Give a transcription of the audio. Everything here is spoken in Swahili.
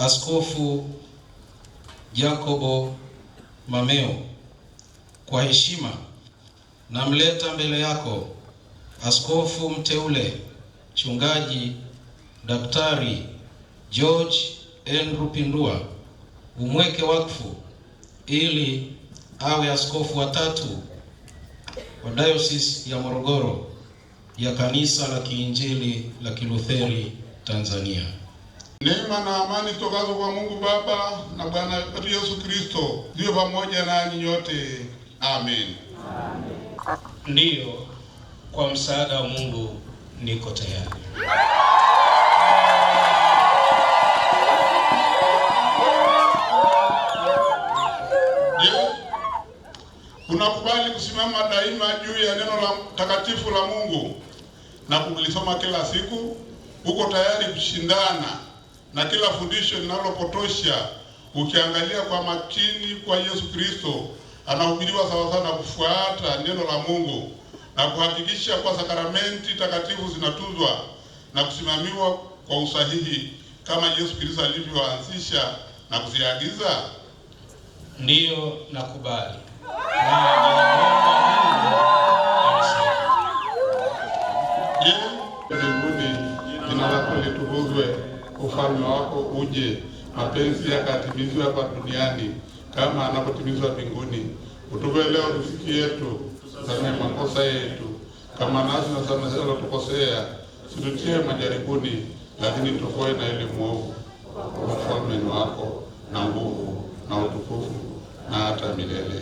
Askofu Jacobo Mameo, kwa heshima namleta mbele yako askofu mteule Mchungaji Daktari George Andrew Pindua, umweke wakfu ili awe askofu watatu wa Diocese ya Morogoro ya Kanisa la Kiinjili la Kilutheri Tanzania. Neema na amani tokazo kwa Mungu Baba na Bwana wetu Yesu Kristo ndiyo pamoja nanyi nyote. Amen. Amen. Ndiyo, kwa msaada wa Mungu niko tayari. unakubali kusimama daima juu ya neno la takatifu la Mungu na kulisoma kila siku? Uko tayari kushindana na kila fundisho linalopotosha ukiangalia kwa makini kwa Yesu Kristo anahubiriwa sawasawa na kufuata neno la Mungu na kuhakikisha kuwa sakramenti takatifu zinatunzwa na kusimamiwa kwa usahihi kama Yesu Kristo alivyoanzisha na kuziagiza. Ndiyo, nakubali mbinguni, jina lako litukuzwe ufalme wako uje, mapenzi yakatimizwe hapa duniani kama anapotimizwa mbinguni. Utupe leo riziki yetu, tusamehe makosa yetu kama nasi nasamehe wanatukosea, situtie majaribuni, lakini tukoe na ile mwovu. Ufalme ni wako na nguvu na utukufu na hata milele.